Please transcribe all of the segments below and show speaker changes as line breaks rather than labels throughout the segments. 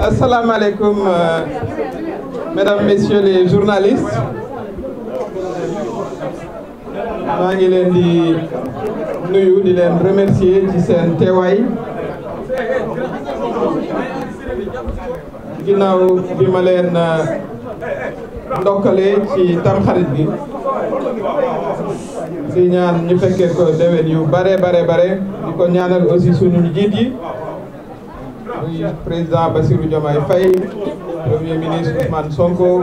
asalaamaaleykum euh, mesdames messieurs les journalistes maa ngi leen di nuyu di leen remercier ci seen teewaay ginnaaw bi ma leen euh, ndokkalee ci tamxarit bi di ñaan ñu fekkee ko déwén yu bare bare bare di ko ñaanal aussi suñu njiit yi président Bassirou Diomaye Faye, Premier ministre Ousmane Sonko,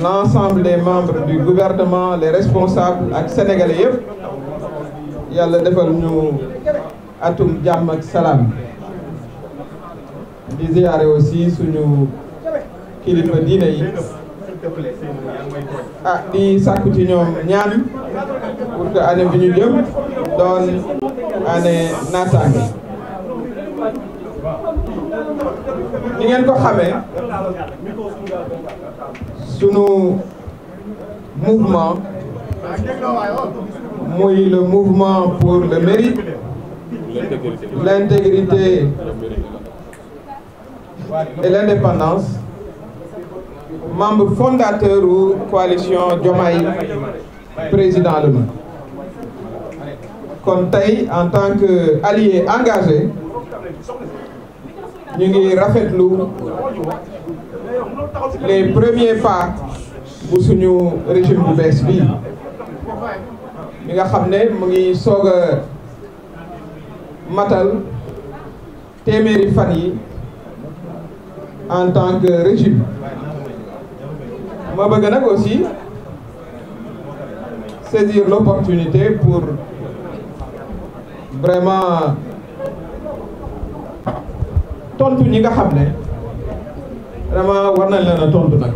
l'ensemble des membres du gouvernement, le responsables ak sénégalais yëpp yàlla defal ñu atum jàmm ak salaam di ziyaare aussi suñu kilifa diine yi ah di sàkku ci ñoom ñaan pour que année bi ñu jëm doon année naataange ni ngeen ko xamee sunu mouvement muy le mouvement pour le mérite l'intégrité et l'indépendance membre fondateur u coalition Diomaye président Diomaye kon tey en tant que allié engagé ñu ngi rafetlu les premier pas bu suñu régime bu bees bii mi nga xam ne mu ngi soog a matal téeméeri fan yi en tant que régime ma bëgg nag aussi saisir l'opportunité pour vraiment tontu ñi nga xam ne vraiment war nañ leen a tontu nag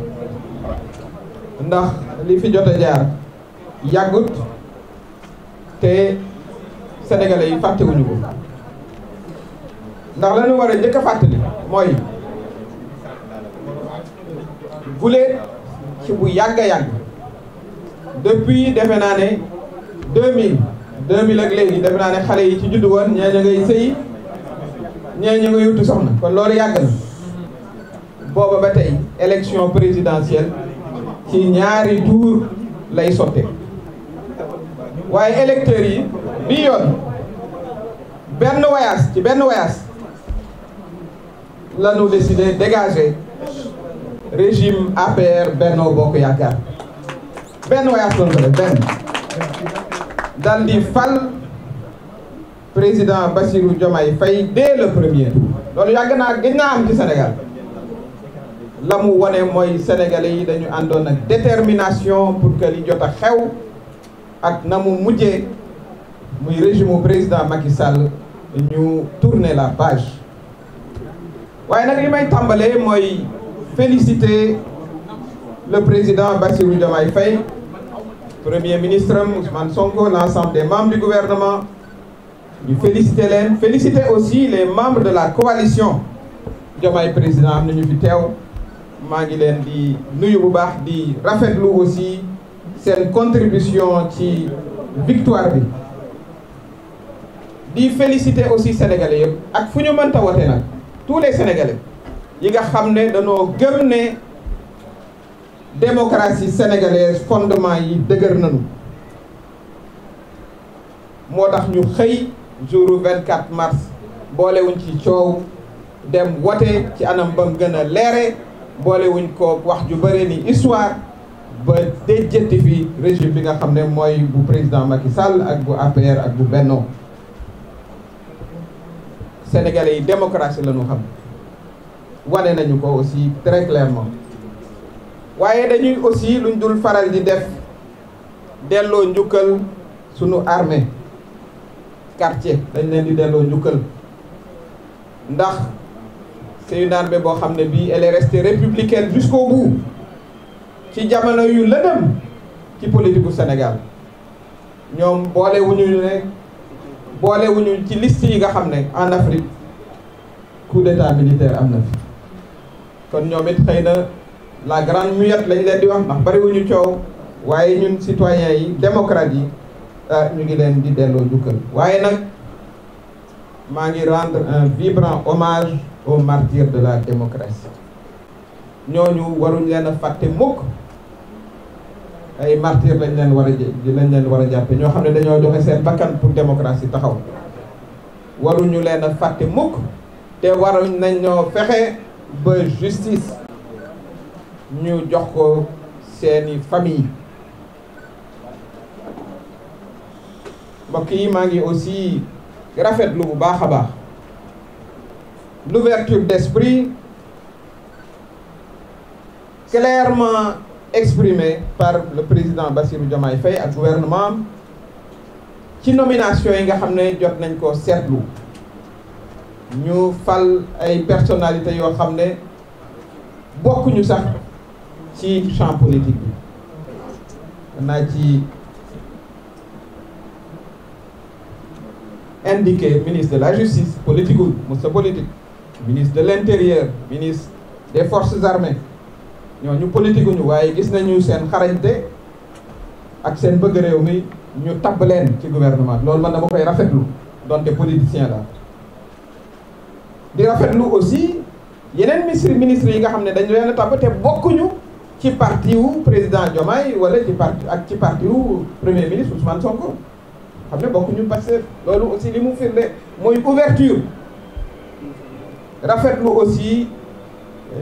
ndax li fi jot a jaar yàggut te sénégalais yi fàttewuñu ko ndax lañu war a njëkk a fàttali mooy gulee ci bu yàgg a yàgg depuis defe naa ne 2000 2000 ak léegi defe naa ne xale yi ci juddu woon ñee ña ngay sëy ñee ñu ngi yuutu soxna kon loolu yàgg na booba ba tey élection présidentielle ci ñaari tour lay sotte waaye électeurs yi bi yoon benn voyage ci benn voyage la ñu décidé dégager régime APR benn voyage la ñu benn dal fal président Bassirou Diomaye Faye dès le premier loolu yàgg naa gëj naa am ci Sénégal la mu wone mooy sénégalais yi dañu àndoon ak détermination pour que li jot a xew ak na mu mujjee muy régime mu président Macky Sall ñu tourner la page waaye nag li may tàmbalee mooy féliciter le président Bassirou Diomaye Faye premier ministre am Ousmane Sonko l'ensemble des membres du gouvernement ñu félicité leen félicité aussi les membres de la coalition Diomaye président am na ñu fi teew maa ngi leen di nuyu bu baax di rafetlu aussi seen contribution ci victoire bi di félicité aussi sénégalais yëpp ak fu ñu mënta wote nag tous les sénégalais yi nga xam ne dañoo gër ne démocratie sénégalaise fondement yi dëgër nañu moo tax ñu xëy jour 24 mars boolewuñ ci coow dem woote ci anam ba mu gën a leere boolewuñ ko wax ju bëri ni histoire ba déjjëti fi régime bi nga xam ne mooy bu président Macky Sall ak bu APR ak bu Benno Sénégalais yi démocratie la xam wane nañu ko aussi très clairement waaye dañuy aussi luñ dul faral di def delloo njukkal sunu armee quartier dañ leen di delloo njukkal ndax c'est une boo xam ne bii elle est restée républicaine ci jamono yu lëndëm ci politique bu Sénégal ñoom boolewuñu ne boolewuñu ci list yi nga xam ne en Afrique coup d'état militaire am na fi kon ñoom it xëy na la grande muette lañ leen di wax ndax bariwuñu coow waaye ñun citoyens yi démocrates yi Ah, ñu ngi leen di delloo njukkal waaye nag maa ngi rendre un vibrant hommage aux martyrs de la démocratie ñu waruñ leen a fàtte mukk ay martyrs lañ leen war a di lañ leen war a jàppe ñoo xam ne dañoo joxe seen bakkan pour démocratie taxaw waruñu leen a fàtte mukk te waruñ nañ ñoo fexe ba justice ñu jox ko seeni famille mbokk yi maa ngi aussi rafetlu bu baax a baax l'ouverture d'esprit clairement exprimée par le président Bassirou Diomaye Faye ak gouvernement ci nomination yi nga xam ne jot nañ ko seetlu ñu fal ay personnalités yoo xam ne bokkuñu sax ci champ politique bi naa ci indiqué ministre de la Justice, politique, sa politique, ministre de l'Intérieur, ministre des Forces armées. ñooñu politique ñu waaye gis nañu seen xarañte ak seen bëgg réew mi ñu tabb leen ci gouvernement loolu man dama koy lu donte politicien la di rafetlu aussi yeneen ministre ministres yi nga xam ne dañu leen a tabb te bokkuñu ci parti wu président Diomaye wala ci parti ak ci parti wu premier ministre Ousmane Sonko. xam ne bokkuñu Pastef loolu aussi li mu firnde mooy ouverture rafetlu aussi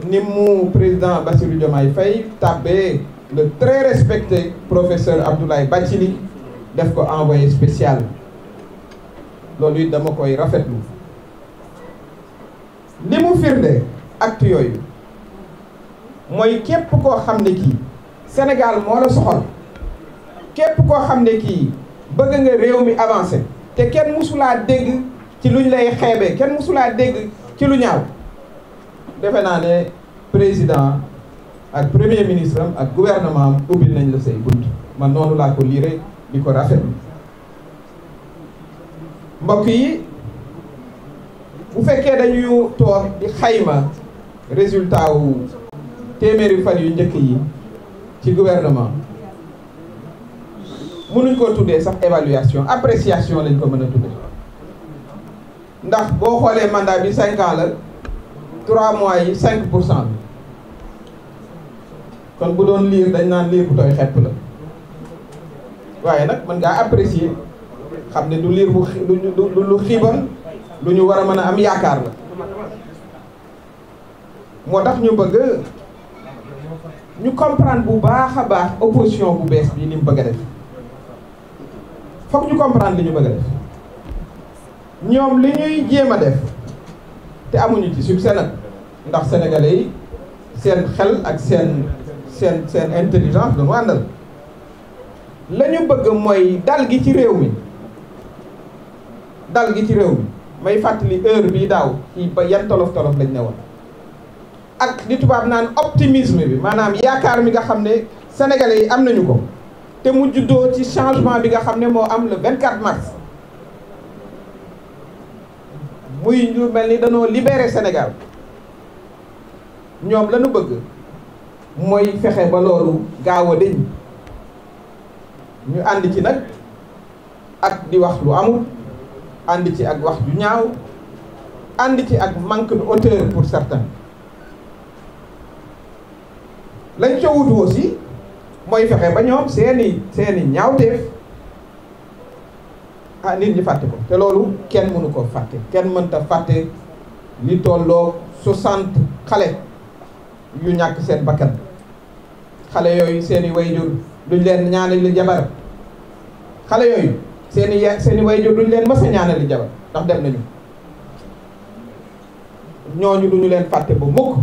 ni mu président Bassirou Diomaye fay tabbee le très respecté professeur Abdoulaye Bathily def ko envoyé spécial loolu it dama koy rafetlu li mu firnde acte yooyu mooy képp koo xam ne kii Sénégal moo la soxal képp koo xam ne kii bëgg nga réew mi avancé te kenn musulaa dégg ci lu luñ lay xeebee kenn musulaa dégg ci lu ñaaw defe naa ne président ak premier ministre ak gouvernement am ubbil nañ la say bunt man noonu laa ko liire di ko rafet mbokk yi bu fekkee dañuy toog di xayma résultat wu téeméeri fan yu njëkk yi ci gouvernement mënuñ koo tuddee sax évaluation appréciation lañ ko mën a tuddee ndax boo xoolee mandat bi cinq ans la trois mois yi cinq pour cent bi kon bu doon liir dañ naan liir bu tooy xepp la waaye nag mën ngaa apprécier xam ne du liir bu du lu xiiban lu ñu war a mën a am yaakaar la moo tax ñu bëgg ñu comprendre bu baax a baax opposition bu bees bii ni mu bëgg a def foog ñu comprendre li ñu bëgg def ñoom li ñuy jéem a def te amuñu ci succès nag ndax sénégalais yi seen xel ak seen seen seen intelligence dañu àndal la ñu bëgg mooy dal gi ci réew mi dal gi ci réew mi may fàttali heure bii daaw ci ba yan tolof tolof lañ ne woon ak di tubaab naan optimisme bi maanaam yaakaar mi nga xam ne sénégalais yi am nañu ko te mu juddoo ci changement bi nga xam ne moo am le 24 mars muy ñu mel ni danoo libéré Sénégal ñoom lañu bëgg mooy fexe ba loolu gaaw a deñ ñu ànd ci nag ak di wax lu amul ànd ci ak wax ju ñaaw ànd ci ak manque de hauteur pour certains lañ ca wutu aussi mooy fexe ba ñoom seeni seeni ñaawteef ah nit ñi fàtte ko te loolu kenn mënu ko fàtte kenn mënta fàtte li tolloo sant xale yu ñàkk seen bakkan xale yooyu seeni wayjur duñ leen ñaanali jabar xale yooyu seeni ya seeni wayjur duñ leen mës a ñaanali jabar ndax dem nañu ñooñu duñu leen fàtte ba mukk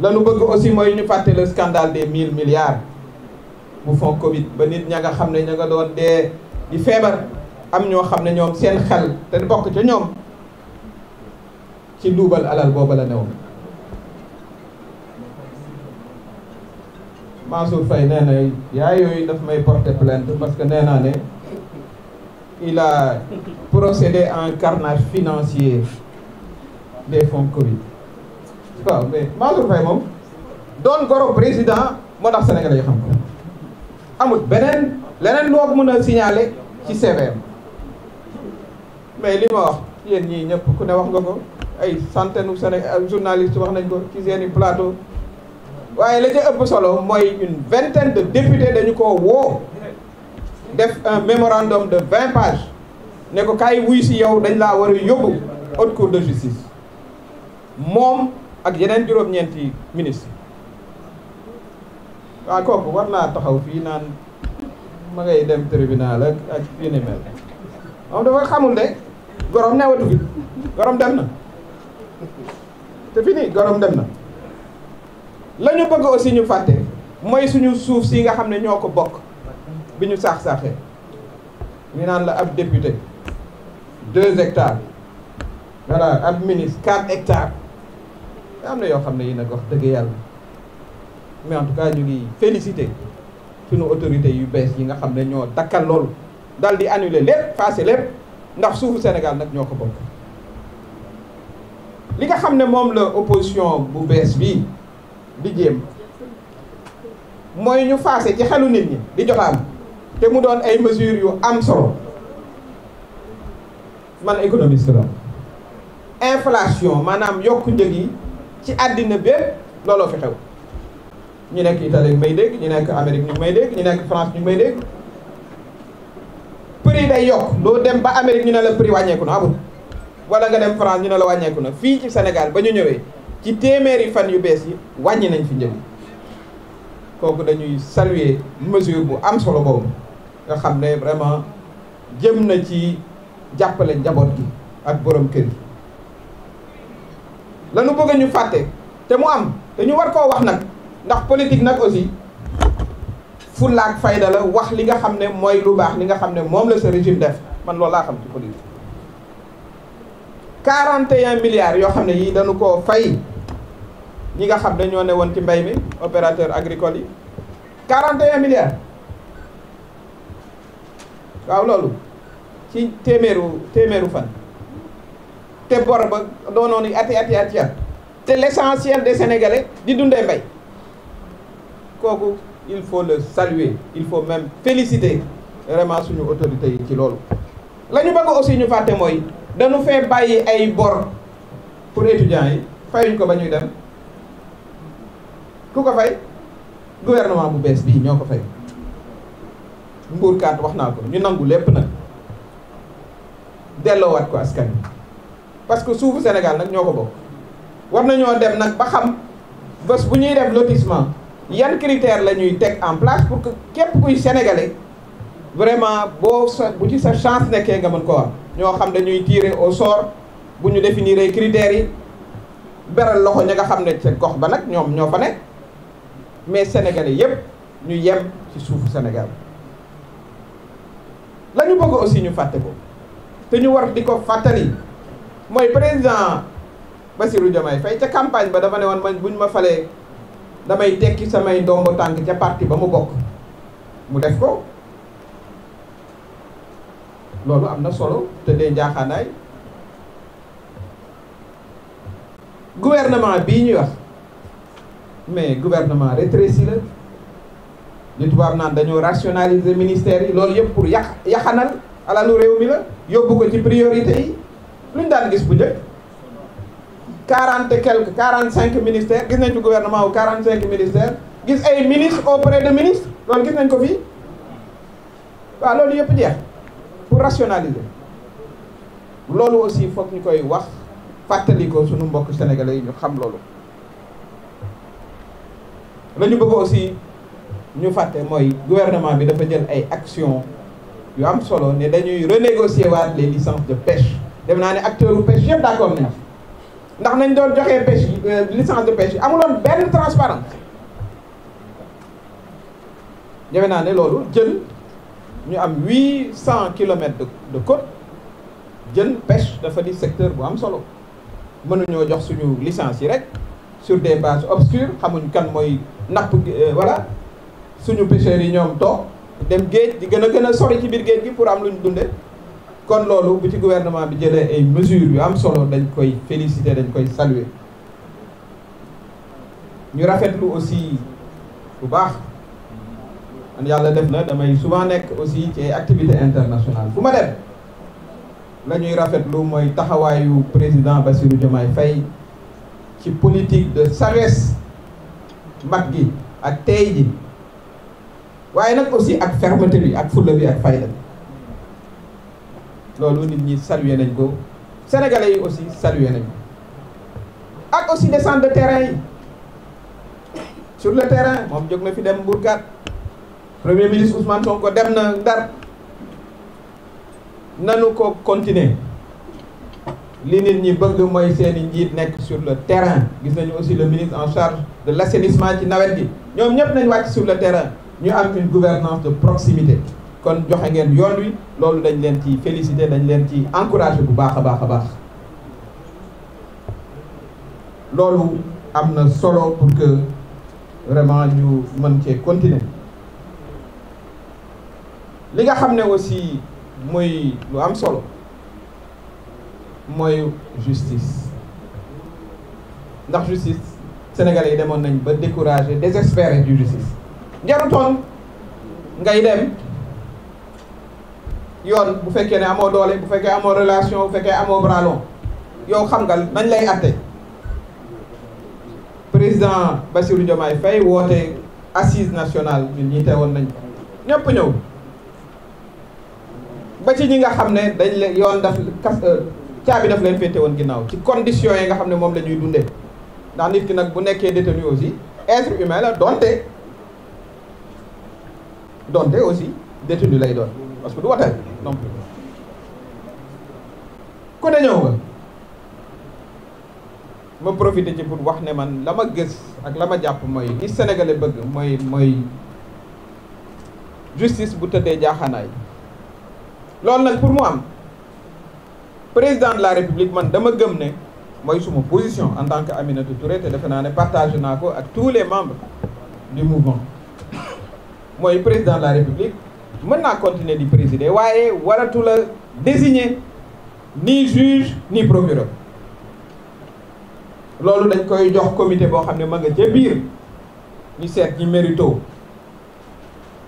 la bëgg aussi mooy ñu fàtte le scandale des mille milliards bu fonds Covid ba nit ña nga xam ne ña nga doon dee di feebar am ñoo xam ne ñoom seen xel te bokk ca ñoom ci duubal alal booba la newoon. Mansour Faye nee na yaay yooyu daf may porter plainte parce que nee naa il a procédé à un carnage financier des fonds Covid. waaw mais Mansour Faye moom doon goro président moo tax Sénégalais yi xam ko amut beneen leneen loo mën a signale ci CVM mais li ma wax yéen ñii ñëpp ku ne wax nga ko ay centaine Sénégal journaliste wax nañ ko ci seeni plateau waaye la ca ëpp solo mooy une vingtaine de députés dañu ko woo def un mémorandum de vingt pages ne ko kaay wuy si yow dañ laa war a yóbbu haute cour de justice moom ak yeneen juróom-ñeenti ministre waaw kooku war naa taxaw fii naan ma ngay dem tribunal ak ak yu dafa xamul de gorom newatu fi gorom dem na te fi nii gorom dem na la ñu bëgg aussi ñu fàtte mooy suñu suuf si nga xam ne ñoo ko bokk bi ñu saax-saaxee ñu naan la ab député deux hectares voilà ab ministre quatre hectares am na yoo xam ne yi nag wax dëgg yàlla mais ñu ngi félicité suñu autorités yu bees yi nga xam ne ñoo dakkal loolu dal di annuler lépp passé lépp ndax suufu Sénégal nag ñoo ko bokk li nga xam ne moom la opposition bu bees bi di jéem mooy ñu faase ci xelu nit ñi di jotaam te mu doon ay mesures yu am solo man économiste la inflation maanaam yokk njëg yi ci àddina bépp looloo fi xew ñu nekk Italie may dégg ñu nekk Amérique ñu may dégg ñu nekk France ñu may dégg prix day yokk loo dem ba Amérique ñu ne la prix wàññeeku na amul wala nga dem France ñu ne la wàññeeku na fii ci senegal ba ñu ñëwee ci téeméeri fan yu bees yi wàññi nañ fi njëg kooku dañuy saluer mesure bu am solo boobu nga xam ne vraiment jëm na ci jàppale njaboot gi ak boroom kër gi la bëgg ñu fàtte te mu am te ñu war koo wax nag ndax politique nag aussi fulla ak fayda la wax li nga xam ne mooy lu baax li nga xam ne moom la sa régime def man loolu laa xam ci politique. 41 milliards yoo xam ne yii dañu ko fay ñi nga xam ne ñoo ne woon ci mbay mi opérateur agricole yi quarante 41 milliards waaw loolu ci téeméeru téeméeru fan. te bor ba doonoon ati ati ati at te l'essentiel des Sénégalais di dundee mbay kooku il faut le saluer il faut même féliciter vraiment suñu autorité yi ci loolu la ñu bëgg aussi ñu fàtte mooy dañu fee bàyyi ay bor pour étudiants yi fayuñ ko ba ñuy dem ku ko fay gouvernement bu bees bii ñoo ko fay mbuurkaat wax naa ko ñu nangu lépp nag delloowaat ko askan wi parce que suufu Sénégal nag ñoo ko bokk war nañoo dem nag ba xam bés bu ñuy def lotissement yan critère la ñuy teg en place pour képp kuy sénégalais vraiment boo sa bu ci sa chance nekkee nga mën ko am ñoo xam ne dañuy tirer au sort bu ñu définir ay critères yi beral loxo ña nga xam ne ca gox ba nag ñoom ñoo fa nekk mais sénégalais yépp ñu yem ci suufu Sénégal lañu ñu bëgg aussi ñu fàtte ko te ñu war di ko fàttali. mooy président lu Diomaye fay ca campagne ba dafa ne woon man buñ ma falee damay tekki samay ndombo tànk ca parti ba mu bokk mu def ko loolu am na solo te dee njaaxaanaay gouvernement bii ñuy wax mais gouvernement rétréci la li tubaab naan dañoo rationaliser ministère yi loolu yëpp pour yàq yaxanal alalu réew mi la yóbbu ko ci priorité yi lu ñu daan gis bu njëkk quarante et quelque quarante cinq ministères gis nañ ci gouvernement wu quarante cinq ministères gis ay ministres près de ministres loolu gis nañ ko fii waa loolu yëpp jeex pour rationaliser loolu aussi foog ñu koy wax fàttali ko suñu mbokk sénégalais yi ñu xam loolu lañu ñu bëgg aussi ñu fàtte mooy gouvernement bi dafa jël ay actions yu am solo ne dañuy renégocier waat les licences de pêche def naa ne acteur u pêche yëpp d'accord nañ ndax nañ doon joxee pêche yi euh, licence de pêche yi amuloon benn transparence defe naa ne loolu jën ñu am huit cent kilomètres de de côte jën pêche dafa di secteur bu am solo mënuñoo jox suñu licence yi rek sur des bases obscures xamuñ kan mooy napp euh, voilà suñu pêcheurs yi ñoom toog dem géej gi gën a gën a sori ci biir géej gi pour am lu ñu dundee kon loolu bu ci gouvernement bi jëlee ay mesures yu am solo dañ koy féliciter dañ koy saluer ñu rafetlu aussi bu baax man yàlla def na damay souvent nekk aussi ci activité activités bu ma dem la ñuy rafetlu mooy taxawaayu président Bassirou Diomaye Faye ci politique de sagesse mag gi ak tey ji waaye nag aussi ak fermeté bi ak fulla bi ak fayda bi loolu nit ñi saluer nañ ko sénégalais yi aussi saluer nañ ko ak aussi descente de terrain yi sur le terrain moom jóg na fi dem Mbourkat premier ministre Ousmane Sonko dem na Ndar nanu ko continuer li nit ñi bëgg mooy seeni njiit nekk sur le terrain gis nañu aussi le ministre en charge de l'assainissement ci nawet gi ñoom ñëpp nañ wàcc sur le terrain ñu am une gouvernance de proximité kon joxe ngeen yoon wi loolu dañ leen ci félicité dañ leen ci encouragé bu baax a baax a baax loolu am na solo pour que vraiment ñu mën cee continuer li nga xam ne aussi muy lu am solo mooy justice ndax justice sénégalais yi demoon nañ ba découragé désespéré du justice jarutoon ngay dem yoon bu fekkee ne amoo doole bu fekkee amoo relation bu fekkee amoo bras yow xam nga dañ lay atte président Bassirou Diomaye Faye woote assise nationale ñun ñi teewoon nañ ñëpp ñëw ba yi ñi nga xam ne dañ leen yoon daf kas euh, caabi daf leen féete woon ginnaaw ci conditions yi nga xam ne moom la ñuy dundee ndax nit ki nag bu nekkee détenu aussi être humain la donte de aussi détenu lay doon parce que du watal non plus ku ñëw nga ma profité ci pour wax ne man la ma gis ak la ma jàpp mooy li sénégalais bëgg mooy mooy justice bu tëddee jaaxaanaay loolu nag pour mu am président de la république man dama gëm ne mooy suma position en tant que Aminata Touré te defe naa ne partage naa ko ak tous les membres du mouvement mooy président la république mën naa continuer di présider waaye waratu la désigner ni juge ni procureur loolu lañ koy jox comité boo xam ne ma nga ca biir ñu seet ñi mérito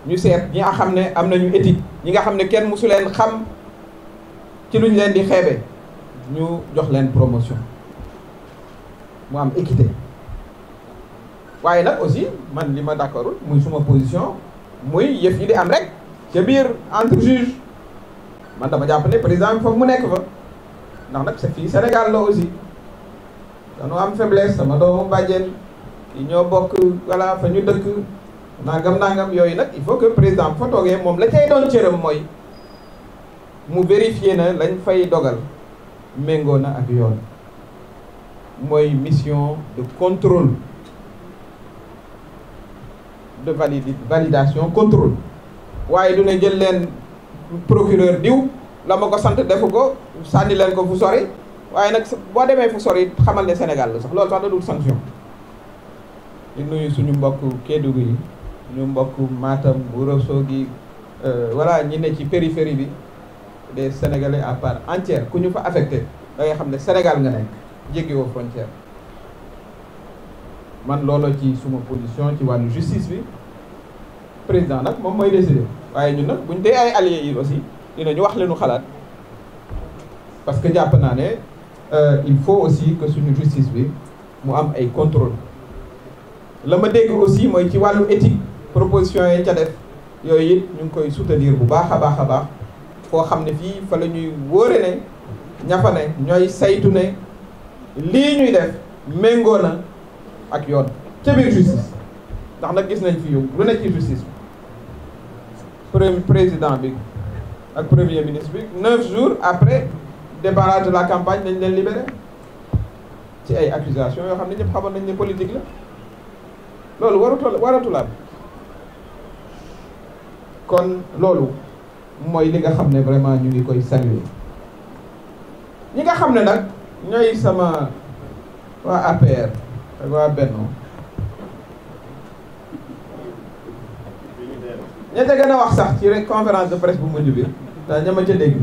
ñu seet ñi nga xam ne am nañu étit ñi nga xam ne kenn mosu leen xam ci luñ leen di xeebe ñu jox leen promotion mu am équité waaye nag aussi man li ma d'accordul muy suma position muy yëf yi di am rek ca biir entre juge man dama jàpp ne par bi foofu mu nekk fa ndax nag c'est fii Sénégal la aussi dañu am faiblesse sama doomu bàjjen yi ñoo bokk voilà fa ñu dëkk nangam nangam yooyu nag il faut que président bu fa toogee moom la cay doon cëram mooy mu vérifier na lañ fay dogal méngoo na ak yoon mooy mission de contrôle de validation contrôle waaye du ne jël leen procureur diw la ma ko sant defu ko sànni leen ko fu sori waaye nag boo demee fu sori xamal ne Sénégal la sax loolu sax da dul sanction di nuyu suñu mbokk Kédougou yi suñu mbokk Matam Ouro Sogui euh, voilà ñi ne ci périphérie bi de Sénégalais à part entière ku ñu fa affecté da xam ne Sénégal nga nekk jéggiwoo frontière man loolu ci suma position ci wàllu justice bi président nag moom mooy décider waaye ñun nag buñ dee ay alliés yi aussi dinañu wax leenu xalaat parce que jàpp naa ne euh, il faut aussi que suñu justice bi mu am ay contrôle la ma dégg aussi mooy ci wàllu éthique proposition yi ca def yooyu it ñu ngi koy soutenir bu baax a baax a baax foo xam ne fii fa la ñuy wóore ne ña fa ne ñooy saytu ne lii ñuy def méngoo na ak yoon ca biir justice ndax nag gis nañ fi yow lu ne justice premier président bi ak premier ministre bi neuf jours après débarrage de la campagne dañ leen libéré ci ay accusations yoo xam ne ñëpp xamoon nañ ne politique la loolu warutul waratulaat kon loolu mooy li nga xam ne vraiment ñu ngi koy saluer ñi nga xam ne nag ñooy sama waa APR ak waa Benno ña ca gën a wax sax ci rek conférence de presse bu mujj bi te ña ma ca dégg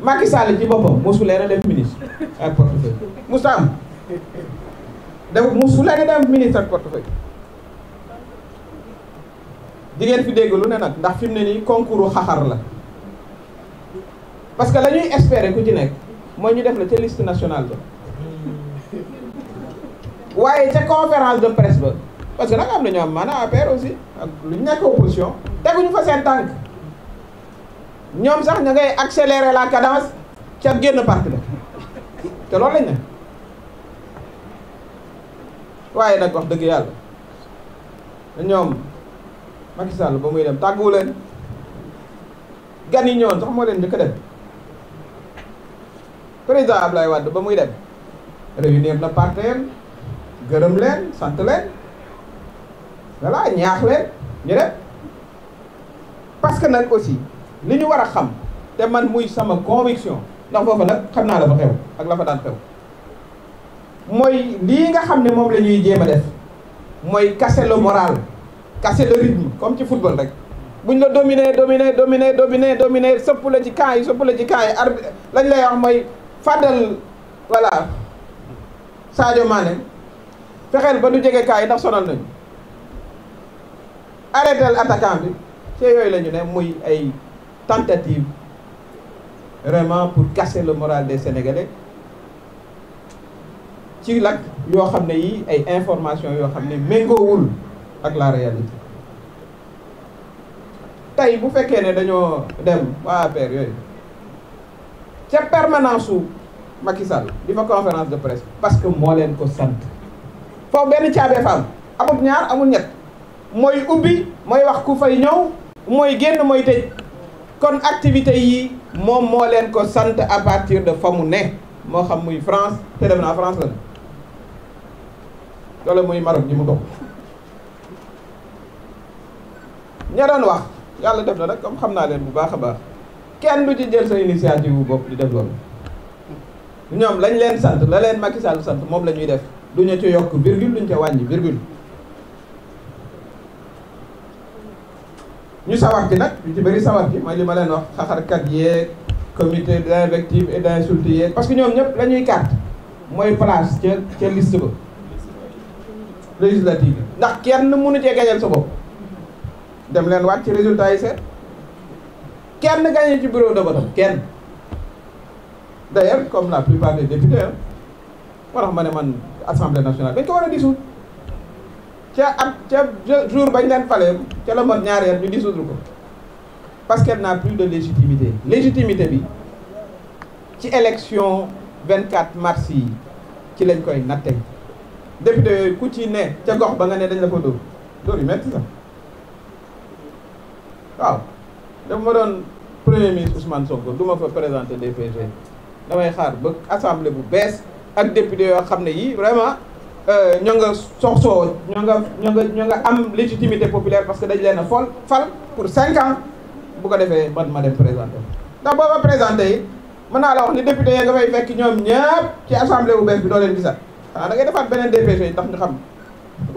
Macky Sall ci boppam mosu leen a def ministre ak portefeuille mosu am dafa mosu leen a def ministre ak portefeuille jigéen fi dégg lu ne nag ndax fi ne nii concours xaxar la parce que la ñuy espérer ku ci nekk mooy ñu def la ca liste nationale ba waaye ca conférence de presse ba parce que nag am na ñoo am maanaam APR aussi lu ñu nekk opposition teguñu fa seen tànk ñoom sax ña ngay accélérer la cadence ca génn parti la te loolu lañ waaye nag wax dëgg yàlla ñoom Macky Sall ba muy dem tàgguwu leen gan yi ñëwoon sax moo leen njëkk a dem président Ablaye ba muy dem réunir na partenaires gërëm leen sant leen voilà ñaax leen ñu def parce que nag aussi li ñu war a xam te man muy sama conviction ndax foofa nag xam naa la fa xew ak la fa daan xew mooy lii nga xam ne moom la ñuy jéem a def mooy casser le moral casser le rythme comme ci football rek buñ la dominer dominer dominer dominer dominer sëpp la ci camp yi sëpp la ci camp yi arbitre lañ lay wax mooy fàddal voilà Sadio Mané fexeel ba du jege camp yi ndax sonal nañu arrêtel attaquant bi ci yooyu la ñu ne muy ay tentative vraiment pour casser le moral des Sénégalais ci lak yoo xam ne yi ay information yoo xam ne méngoowul ak la réalité tey bu fekkee ne dañoo dem waa APR yooyu ca permanence su Macky Sall di fa conférence de presse parce que moo leen ko sant foofu benn caabee fa am amul ñaar amul ñett mooy ubbi mooy wax ku fay ñëw mooy génn mooy tëj kon activité yi moom moo leen ko sant à partir de fa mu ne moo xam muy France te dem naa France la wala muy Maroc ñi mu bokk ña wax yàlla def na nag comme xam naa leen bu baax a baax kenn du ci jël sa initiative bu bopp di def loolu ñoom lañ leen sant la leen Macky Sall sant moom la ñuy def du ñu ci yokk virgule duñ ca wàññi virgule ñu sawar ci nag ñu ci bëri sawar ci mooy li ma leen wax xaxarkat yeeg comité d'invective et d'insulte yeeg parce que ñoom ñëpp la ñuy carte mooy place ca ca liste ba législative ndax kenn mënu cee gañal sa bopp dem leen wàcc ci résultat yi seet kenn gañe ci bureau de vote kenn d'ailleurs comme la plupart des députés moo tax ma ne man assemblée nationale dañ ko war a dissoudre ca am ca jour bañ leen faleem ca la mot ñaari at ñu dissoudre ko parce qu'elle n'a plus de légitimité légitimité bi ci élection quatre mars yi ci lañ koy natte député yooyu ku ci ne ca gox ba nga ne dañ la ko dóor dóor yu metti sax waaw dafa ma doon premier ministre Ousmane Sonko du ma fa présenter DPG damay xaar ba assemblée bu bees ak député yoo xam ne yi vraiment Euh, ñoo nga sox soo ñoo nga ñoo nga ñoo nga am légitimité populaire parce que dañ leen a fol fal pour cinq ans bu ko defee man ma dem présenté ndax booba présenté yi mën naa la wax ni député yi nga fay fekk ñoom ñëpp ci assemblée bu bees bi doo leen gisat xanaa ah, da ngay defaat beneen DPG ndax ñu xam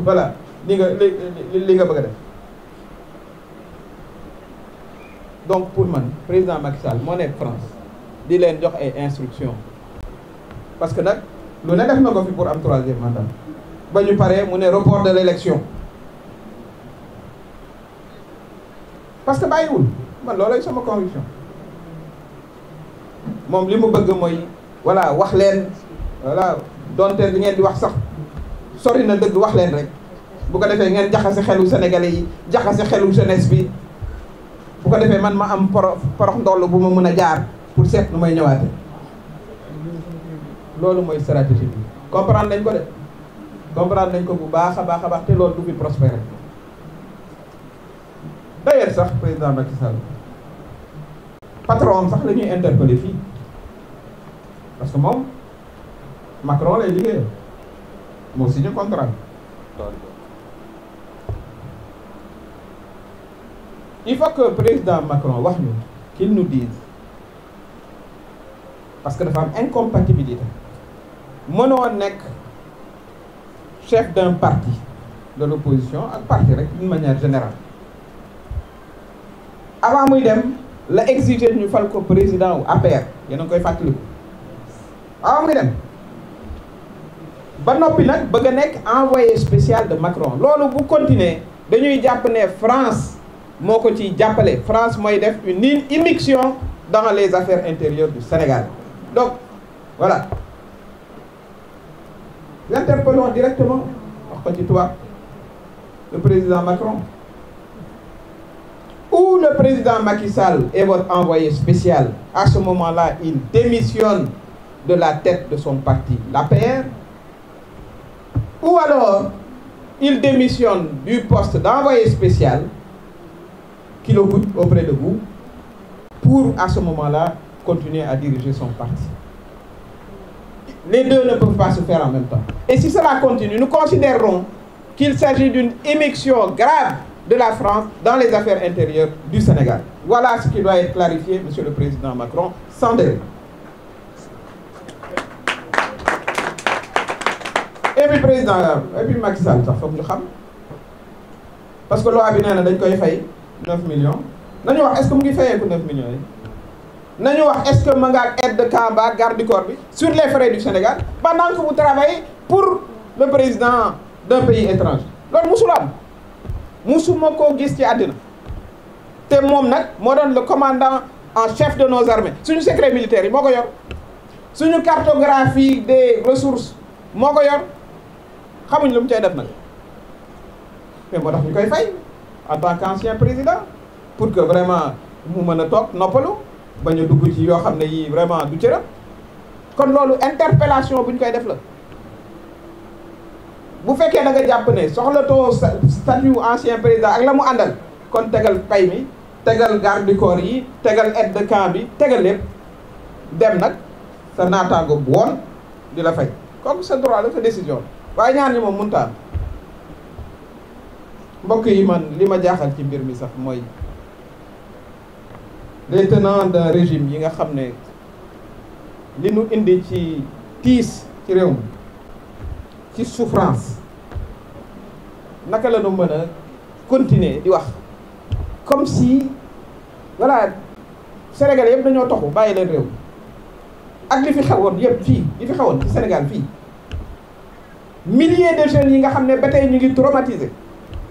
voilà li nga li li nga bëgg a def donc pour man président Macky moo nekk France di leen jox ay instructions parce que nag lu ne def na ko fi pour am troisième mandat ba ñu paree mu ne report de l'élection parce que bàyyiwul man loolooy sama conviction moom li mu bëgg mooy voilà wax leen voilà donte li ngeen di wax sax sori na dëgg wax leen rek bu ko defee ngeen jaxase xelu sénégalais yi jaxase xelu jeunesse bi bu ko defee man ma am poro porox ndoll bu ma mën a jaar pour seet nu may ñëwaate loolu mooy stratégie bi comprendre nañ ko de comprendre nañ ko bu baax a baax a baax te loolu du fi prospérer d'ailleurs sax président Macky Sall patron sax lañuy ñuy fii parce que moom Macron lay liggéeyal moo signé contrat il faut que président Macron wax ñu qu'il nous dise parce que dafa am incompatibilité mënoo nekk chef d'un parti de l'opposition ak parti rek d'une manière générale avant muy dem la exiger ñu fal ko président wu APR koy fàttaliku avant dem ba noppi nag bëgg a nekk envoyé spécial de Macron loolu bu continuer dañuy jàpp ne France moo ko ci jàppale France mooy def une immixion dans les affaires intérieures du Sénégal donc voilà l'interpellons directement le président Macron ou le président Macky Sall est votre envoyé spécial à ce moment-là il démissionne de la tête de son parti l'APR ou alors il démissionne du poste d'envoyé spécial qu'il occupe auprès de vous pour à ce moment-là continuer à diriger son parti Les deux ne peuvent pas se faire en même temps. Et si cela continue, nous considérons qu'il s'agit d'une émission grave de la France dans les affaires intérieures du Sénégal. Voilà ce qui doit être clarifié, Monsieur le Président Macron, sans délai. et puis président et xam parce que loi bi nee na dañ koy fay 9 millions nañu wax est-ce que mu ngi fayeeku 9 millions yi. nañu wax est-ce que ma aide de camp ba garde corps bi sur les frais du Sénégal pendant que vous travaillez pour le président d'un pays étranger loolu musul am musuma koo gis ci àddina te moom nag moo doon le commandant en chef de nos armées suñu secret militaire yi moo ko yor suñu cartographie de ressources moo ko yor xamuñ lu mu cay def nag mais moo tax ñu koy fay en tant qu'ancien président pour que vraiment mu mën a toog noppalu bañ a dugg ci yoo xam ne yii vraiment du cëram kon loolu interpellation bu ñu koy def la bu fekkee da nga jàpp ne soxlatoo statut ancien président ak la mu àndal kon tegal pay mi tegal garde du yi tegal aide de camp bi tegal lépp dem nag sa naataango bu woon di la fay kooku sa droit la sa décision waaye ñaan ñi moom mënta am mbokk yi man li ma jaaxal ci mbir mi sax mooy les tenants d'un régime yi nga xam ne li nu indi ci tiis ci réew mi ci souffrance naka la nu mën a continuer di wax comme si voilà Sénégalais yëpp nañoo toxu bàyyi leen réew ak li fi xewoon yëpp fii li fi xewoon ci Sénégal fii milliers de jeunes yi nga xam ne ba tey ñu ngi traumatisé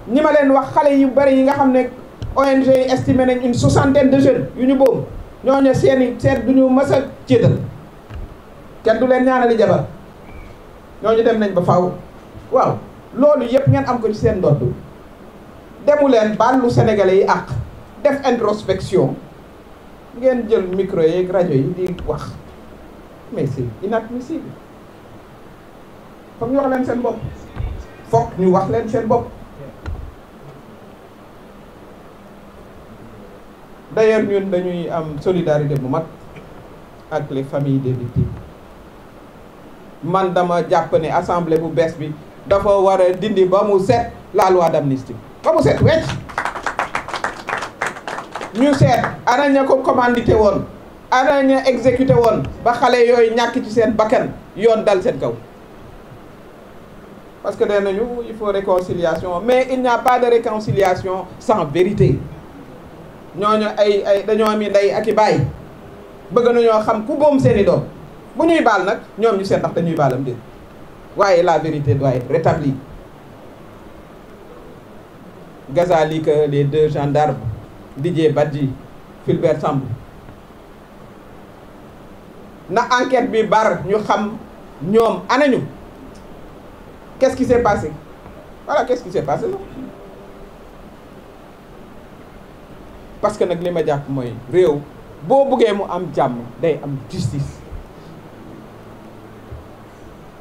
ñi ma leen wax xale yu bari yi nga xam ne ONG yi estimé nañ une soixantaine de jeunes yu ñu boobu ñooñu seeni seet du ñu mës a céetal kenn du leen ñaanali jabar ñooñu dem nañ ba faaw waaw loolu yëpp ngeen am ko ci seen ndodd demu leen lu sénégalais yi àq def introspection ngeen jël micro yeeg rajo yi di wax mais c'est inadmissible ñu wax leen seen bopp foog ñu wax leen seen bopp d'ailleurs ñun dañuy am solidarité bu mag ak les familles des victimes man dama jàpp ne assemblée bu bees bi dafa war a dindi ba mu set la loi d'amnistie ba mu set wecc ñu seet ana ko commandité woon ana ña exécuté woon ba xale yooyu ñàkk ci seen bakkan yoon dal seen kaw parce que nee nañu il faut réconciliation mais il n'y a pas de réconciliation sans vérité ñoo ñooñu ay ay dañoo am ndey ak i bàyyi bëgg nañoo xam ku boom seen i doom bu ñuy baal nag ñoom ñu seen ndax dañuy baalam déet waaye la vérité doit être rétablie Ghazali que les deux gendarmes Didier ji Fulbert Sambou ndax enquête bi bar ñu xam ñoom anañu qu'est-ce qui s'est passé voilà qu'est-ce qui s'est passé parce que nag li ma jàpp mooy réew boo bëggee mu am jàmm day am justice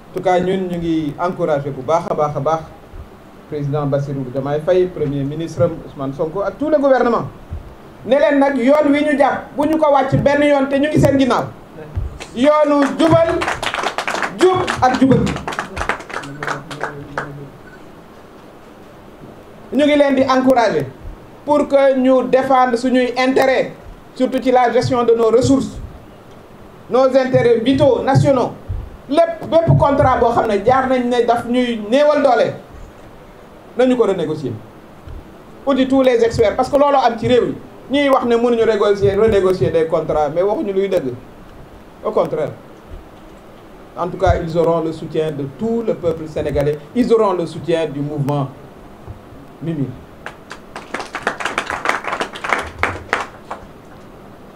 en tout cas ñun ñu ngi encouragé bu baax a baax a baax président Bassirou Diomaye Faye premier ministre am Ousmane Sonko ak tout le gouvernement ne leen nag yoon wi ñu jàpp bu ñu ko wàcc benn yoon te ñu ngi seen ginnaaw yoonu jubal jub ak jubal ñu ngi leen di encouragé pour que ñu défendre suñuy intérêt surtout ci la gestion de nos ressources nos intérêts vitaux nationaux lépp bépp contrat boo xam ne jaar nañ ne daf ñuy néewal doole nañu ko renégocier uti tous les experts parce que looloo am ci réew yi ñuy wax ne mënuñu renégocier renégocier des contrats mais waxuñu luy dëgg au contraire en tout cas ils auront le soutien de tout le peuple sénégalais ils auront le soutien du mouvement Mimi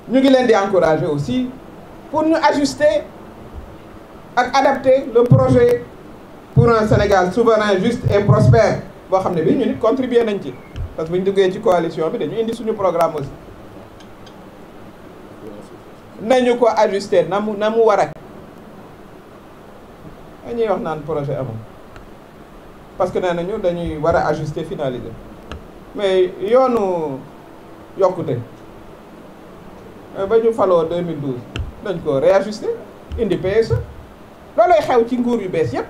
ñu ngi leen di encourager aussi pour ñu ajuster ak adapter le projet pour un Sénégal souverain juste et prospère boo xam ne bii ñu nit contribuer nañ ci parce que bu ñu duggee ci coalition bi dañu indi suñu programme aussi nañu ko ajuster na mu na mu war a dañuy wax naan projet amul parce que nee nañu dañuy war a ajuster finaliser mais yoonu yokkute Euh, ba ñu faloo 2012 dañ ko réajusté indi PSE loolooy xew ci nguur yu bees yëpp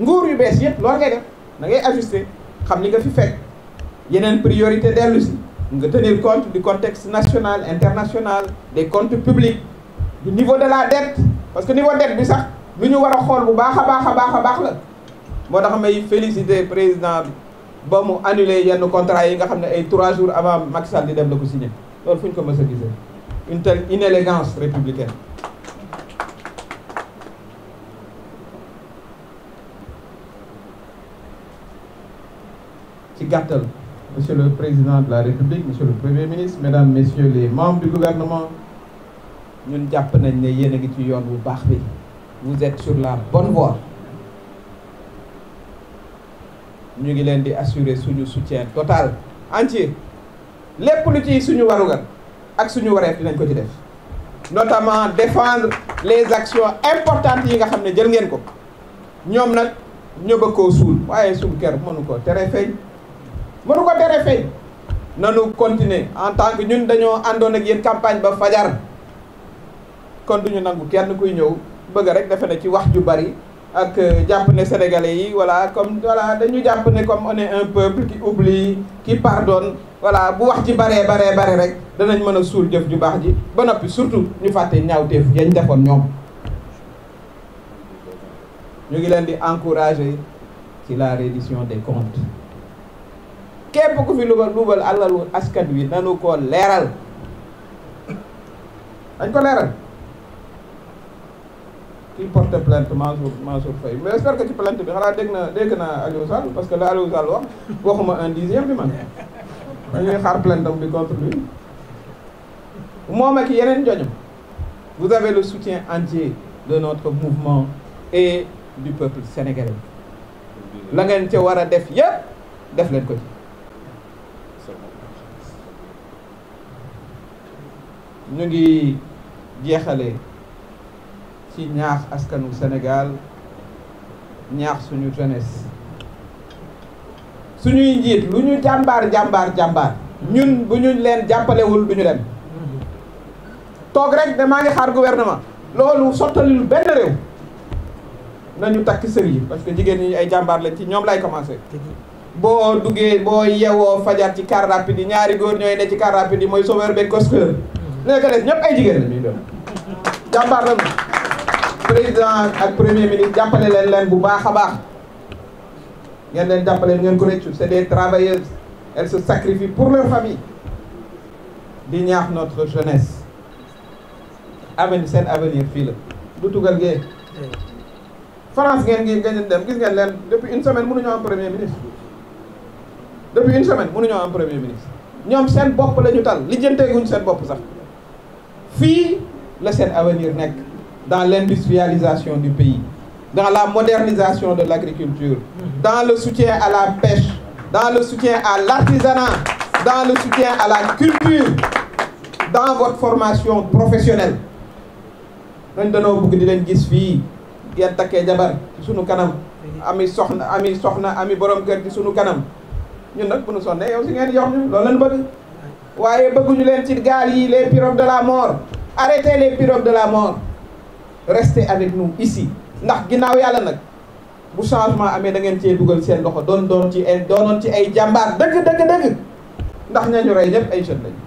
nguur yu bees yëpp loolu ngay def da ngay ajusté xam li nga fi fekk yeneen priorité dellu si nga tenir compte du contexte nationale international des comptes publics du niveau de la dette parce que niveau dette bi sax lu ñu war xool bu baax a baax a baax a baax la moo tax may féliciter président ba mu annulé yenn contrat yi nga xam ne ay trois jours avant Macky Sall di dem la ko signé loolu fu ñu ko mës a gisee une telle inélégance ci gàttal monsieur le président de la république monsieur le premier ministre mesdames messieurs les membres du gouvernement ñun jàpp nañ ne yéen a ngi ci yoon bu baax bi vous êtes sur la bonne voie ñu ngi leen di assurer suñu soutien total entier lépp lu ci suñu warugar ak suñu wareef dinañ ko ci def notamment défendre les actions importantes yi nga xam ne jël ngeen ko ñoom nag ñoo bëgg koo suul waaye suñu kër mënu ko tere feeñ mënu ko tere feeñ nanu continuer en tant que ñun dañoo àndoon ak yéen campagne ba fajar kon duñu nangu kenn kuy ñëw bëgg rek defe na ci wax ju bari ak euh, jàpp ne sénégalais yi voilà comme voilà dañu jàpp ne comme on est un peuple qui oublie qui pardonne voilà bu wax ci baree baree bare rek danañ mën a suul jëf ju baax ji ba noppi surtout ñu fàtte ñaawteef yañ defoon ñoom ñu ngi leen di encourager ci la reddition des comptes képp ku fi lubal lubal alalu askan wi nanu ko leeral dañ ko leeral qui porte plainte Mansour Mansour Faye mais j'espère que ci plainte bi xanaa dégg na dégg naa Aliou parce que la Aliou Sall wax waxuma un dixième bi man dañuy xaar plainte am bi contre lui moom yeneen joñam vous avez le soutien entier de notre mouvement et du peuple sénégalais la ca war a def yépp def leen ko ci ñu ngi jeexale ci ñaax askanu Sénégal ñaax suñu jeunesse suñuy njiit lu ñu jàmbaar jàmbaar jàmbaar ñun bu ñu leen jàppalewul bu ñu dem toog rek ne maa ngi xaar gouvernement loolu sottalul benn réew nañu takk sër yi parce que jigéen ñi ay jàmbaar lañ ci ñoom lay commencé boo duggee boo yewoo fajar ci car rapide yi ñaari góor ñooy ne ci car rapide yi mooy chauffeur beeg coskeur nekk des ñëpp ay jigéen la ñuy doon jàmbaar lañu président ak premier ministre jàppale leen leen bu baax a baax ngeen leen jàppale ngeen ko réccu c'est des travailleuses elles se sacrifient pour leur famille di ñaax notre jeunesse avenir seen avenir fii la du tugal gee France ngeen ngi ngeen dem gis ngeen leen depuis une semaine mënuñoo am premier ministre depuis une semaine mënuñoo am premier ministre ñoom seen bopp la ñu tal lijjanteeguñ seen bopp sax fii la seen avenir nekk dans l'industrialisation du pays, dans la modernisation de l'agriculture, mm-hmm. dans le soutien à la pêche, dans le soutien à l'artisanat, dans le soutien à la culture, dans votre formation professionnelle. dañ danoo bëgg di leen gis fii ngeen jabar ci sunu kanam mm-hmm. ami soxna ami soxna ami borom kër ci sunu kanam ñun nag bu nu sonnee yow si ngeen yox ñu loolu lañ bëgg waaye bëgguñu leen ci gaal yi les pirogues de la mort arrêtez les de la mort restez avec nous ici ndax ginnaaw yàlla nag bu changement amee dangeen ngeen cee dugal seen loxo doon doon ci ay doonoon ci ay jàmbaar dëgg dëgg dëgg ndax ñañu rey ñëpp ay jeunes lañu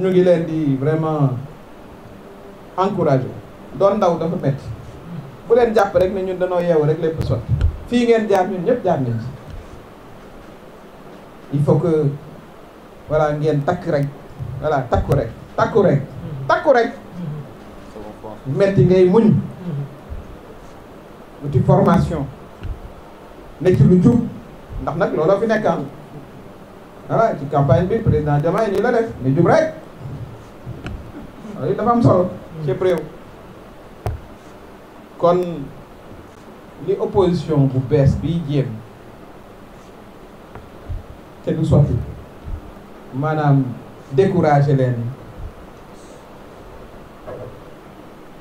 ñu ngi leen di vraiment encourager doon ndaw dafa metti bu leen jàpp rek ne ñun danoo yeewu rek lépp sotti fii ngeen jaar ñun ñëpp jaar nañ ci il faut que voilà ngeen takk rek voilà takku rek takku rek takku rek metti ngay muñ uti ne ci lu ndax nag looloo fi nekkaan voilà ci campagne bi président Diomaye nii la def ne jub rek loolu dafa am solo cëpp réew kon li opposition bu bees bi jéem te sotti maanaam découragé leen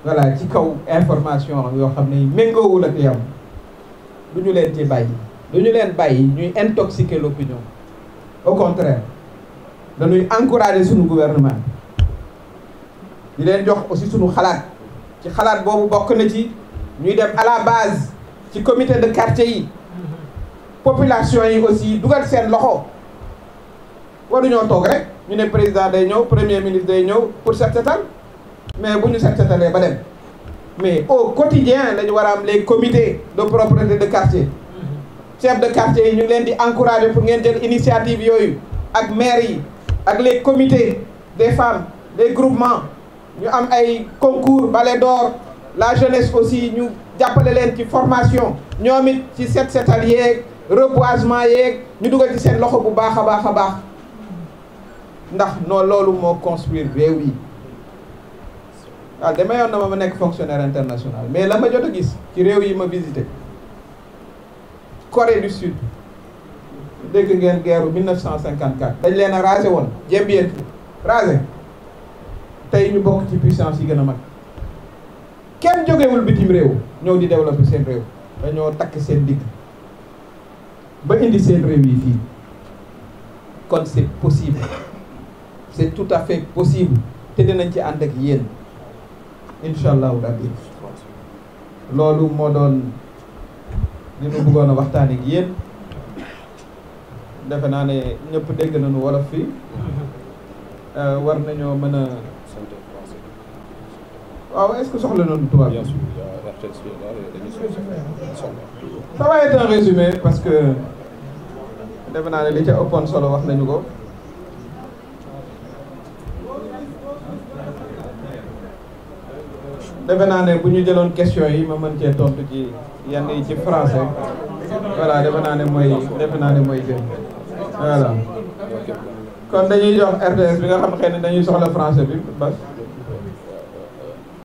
voilà ci kaw information yoo xam ne méngoowul ak yow du ñu leen ci bàyyi du ñu leen bàyyi ñuy intoxiquer l'opinion au contraire dañuy encourager suñu gouvernement di leen jox aussi suñu xalaat ci xalaat boobu bokk na ci ñuy dem à la base ci comité de quartier yi population yi aussi dugal seen loxo waruñoo toog rek ñu ne président day ñëw premier ministre day ñëw pour set setal mais bu ñu set setalee ba dem mais au quotidien la ñu war a am les comités de propreté de quartier chef de quartier yi ñu leen di encourager pour ngeen jël initiative yooyu ak maire yi ak les comités des femmes des groupement ñu am ay concours balai d'or la jeunesse aussi ñu jàppale leen ci formation ñoom it ci set setal yeeg reboisement yeeg ñu dugal ci seen loxo bu baax a baax a baax ndax non loolu moo construire réew yi waaw ah, dama na ma ma nekk fonctionnaire international mais la ma jot a gis ci réew yi ma visité Corée du Sud dégg ngeen guerre 1954 dañ leen a rasé woon jébbiyeen rasé tey ñu bokk ci puissance yi gën a mag kenn jógewul bitim réew ñëw di développé seen réew dañoo takk seen digg ba indi seen réew yi fii kon c'est possible c'est tout à fait possible te dinañ ci ànd ak yéen incha allahu loolu moo doon li nu bëggoon a waxtaan yéen defe naa ne ñëpp dégg na nañu wolof fi euh, war nañoo mën a waaw est-ce que soxla nañu tubaab bi ça va être résumé parce que defe naa ne li ca ëppoon solo wax nañu ko defe naa ne bu ñu jëloon question yi ma mën cee tontu ci yenn yi ci français voilà defe naa ne mooy defe naa ne mooy jëm voilà kon dañuy jox RTS bi nga xam xëy ne dañuy soxla français bi bas